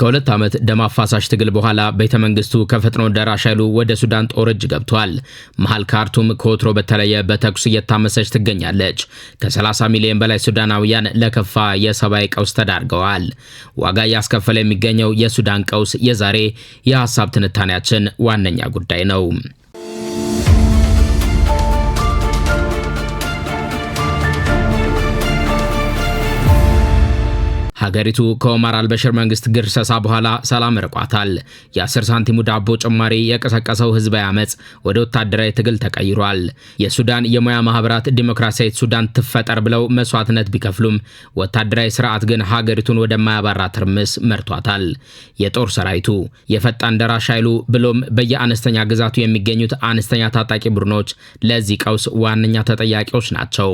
ከሁለት ዓመት ደም አፋሳሽ ትግል በኋላ ቤተ መንግስቱ ከፈጥኖ ደራሽ ኃይሉ ወደ ሱዳን ጦር እጅ ገብቷል። መሃል ካርቱም ከወትሮ በተለየ በተኩስ እየታመሰች ትገኛለች። ከ30 ሚሊዮን በላይ ሱዳናውያን ለከፋ የሰብአዊ ቀውስ ተዳርገዋል። ዋጋ እያስከፈለ የሚገኘው የሱዳን ቀውስ የዛሬ የሀሳብ ትንታኔያችን ዋነኛ ጉዳይ ነው። ሀገሪቱ ከኦማር አልበሽር መንግስት ግርሰሳ በኋላ ሰላም ርቋታል። የ10 ሳንቲሙ ዳቦ ጭማሪ የቀሰቀሰው ህዝባዊ አመፅ ወደ ወታደራዊ ትግል ተቀይሯል። የሱዳን የሙያ ማህበራት ዲሞክራሲያዊት ሱዳን ትፈጠር ብለው መስዋዕትነት ቢከፍሉም ወታደራዊ ስርዓት ግን ሀገሪቱን ወደማያባራ ትርምስ መርቷታል። የጦር ሰራዊቱ፣ የፈጣን ደራሽ ኃይሉ ብሎም በየአነስተኛ ግዛቱ የሚገኙት አነስተኛ ታጣቂ ቡድኖች ለዚህ ቀውስ ዋነኛ ተጠያቂዎች ናቸው።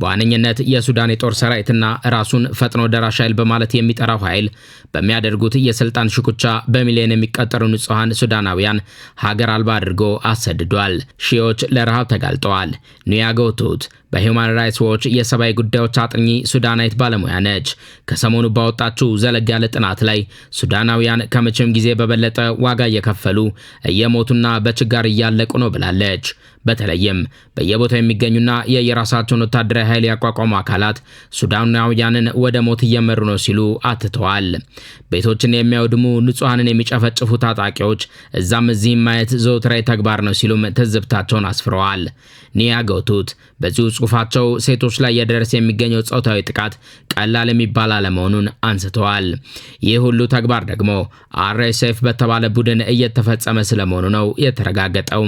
በዋነኝነት የሱዳን የጦር ሰራዊትና ራሱን ፈጥኖ ደራሽ ኃይል በማለት የሚጠራው ኃይል በሚያደርጉት የስልጣን ሽኩቻ በሚሊዮን የሚቀጠሩ ንጹሐን ሱዳናውያን ሀገር አልባ አድርጎ አሰድዷል። ሺዎች ለረሃብ ተጋልጠዋል። ኒያጎቱት በሂውማን ራይትስ ዎች የሰብአዊ ጉዳዮች አጥኚ ሱዳናዊት ባለሙያ ነች። ከሰሞኑ ባወጣችው ዘለግ ያለ ጥናት ላይ ሱዳናውያን ከመቼም ጊዜ በበለጠ ዋጋ እየከፈሉ እየሞቱና በችጋር እያለቁ ነው ብላለች። በተለይም በየቦታው የሚገኙና የየራሳቸውን ወታደራዊ ኃይል ያቋቋሙ አካላት ሱዳናውያንን ወደ ሞት እየመሩ ነው ሲሉ አትተዋል። ቤቶችን የሚያወድሙ ንጹሐንን የሚጨፈጭፉ ታጣቂዎች እዛም እዚህም ማየት ዘውትራዊ ተግባር ነው ሲሉም ትዝብታቸውን አስፍረዋል። ኒያጎቱት በዚሁ ጽሑፋቸው ሴቶች ላይ እየደረሰ የሚገኘው ጾታዊ ጥቃት ቀላል የሚባል አለመሆኑን አንስተዋል። ይህ ሁሉ ተግባር ደግሞ አርኤስኤፍ በተባለ ቡድን እየተፈጸመ ስለመሆኑ ነው የተረጋገጠው።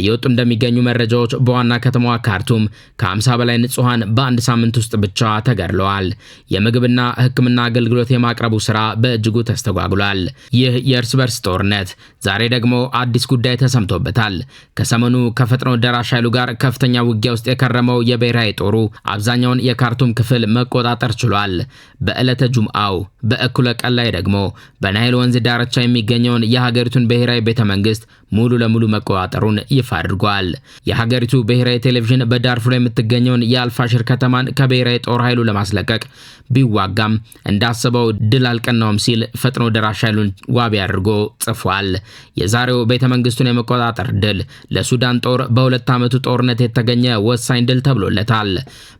እየወጡ እንደሚገኙ መረጃዎች በዋና ከተማዋ ካርቱም ከ50 በላይ ንጹሐን በአንድ ሳምንት ውስጥ ብቻ ተገድለዋል። የምግብና ሕክምና አገልግሎት የማቅረቡ ስራ በእጅጉ ተስተጓጉሏል። ይህ የእርስ በርስ ጦርነት ዛሬ ደግሞ አዲስ ጉዳይ ተሰምቶበታል። ከሰሞኑ ከፈጥኖ ደራሽ ኃይሉ ጋር ከፍተኛ ውጊያ ውስጥ የከረመው የብሔራዊ ጦሩ አብዛኛውን የካርቱም ክፍል መቆጣጠር ችሏል። በዕለተ ጁምአው በእኩለ ቀን ላይ ደግሞ በናይል ወንዝ ዳርቻ የሚገኘውን የሀገሪቱን ብሔራዊ ቤተ መንግስት ሙሉ ለሙሉ መቆጣጠሩን ይፋ አድርጓል። የሀገሪቱ ብሔራዊ ቴሌቪዥን በዳርፉር የምትገኘውን የአልፋሽር ከተማን ከብሔራዊ ጦር ኃይሉ ለማስለቀቅ ቢዋጋም እንዳሰበው ድል አልቀናውም ሲል ፈጥኖ ደራሽ ኃይሉን ዋቢ አድርጎ ጽፏል። የዛሬው ቤተ መንግስቱን የመቆጣጠር ድል ለሱዳን ጦር በሁለት ዓመቱ ጦርነት የተገኘ ወሳኝ ድል ተብሎለታል።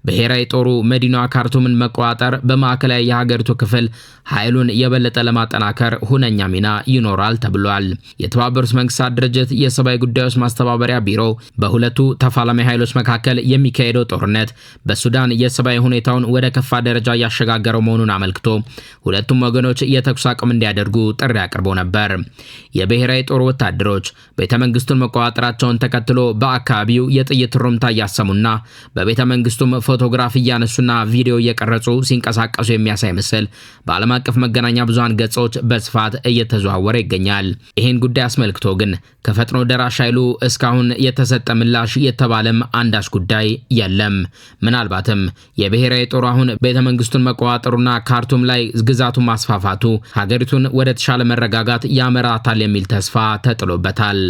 ብሔራዊ ጦሩ መዲናዋ ካርቱምን መቆጣጠር በማዕከላዊ የሀገሪቱ ክፍል ኃይሉን የበለጠ ለማጠናከር ሁነኛ ሚና ይኖራል ተብሏል። የተባበሩት መንግስታት ድርጅት የሰብአዊ ጉዳዮች ማስተባበሪያ ቢሮ በሁለቱ ተፋላሚ ኃይሎች መካከል የሚካሄደው ጦርነት በሱዳን የሰብአዊ ሁኔታውን ወደ ከፋ ደረጃ እያሸጋገረው መሆኑን አመልክቶ ሁለቱም ወገኖች የተኩስ አቅም እንዲያደርጉ ጥሪ አቅርቦ ነበር። የብሔራዊ ጦር ወታደሮች ቤተ መንግስቱን መቆጣጠራቸውን ተከትሎ በአካባቢው የጥይት ሩምታ እያሰሙና በቤተ መንግስቱም ፎቶግራፍ እያነሱና ቪዲዮ እየቀረጹ ሲንቀሳቀሱ የሚያሳይ ምስል በዓለም አቀፍ መገናኛ ብዙሃን ገጾች በስፋት እየተዘዋወረ ይገኛል። ይህን ጉዳይ አስመልክቶ ግን ከፈጥኖ ደራሽ ኃይሉ እስካሁን የተሰጠ ምላሽ የተባለም አንዳች ጉዳይ የለም። ምናልባትም የብሔራዊ ጦሩ አሁን ቤተ መንግስቱን መቆጣጠሩና ካርቱም ላይ ግዛቱ ማስፋፋቱ ሀገሪቱን ወደ ተሻለ መረጋጋት ያመራታል የሚል ተስፋ ተጥሎበታል።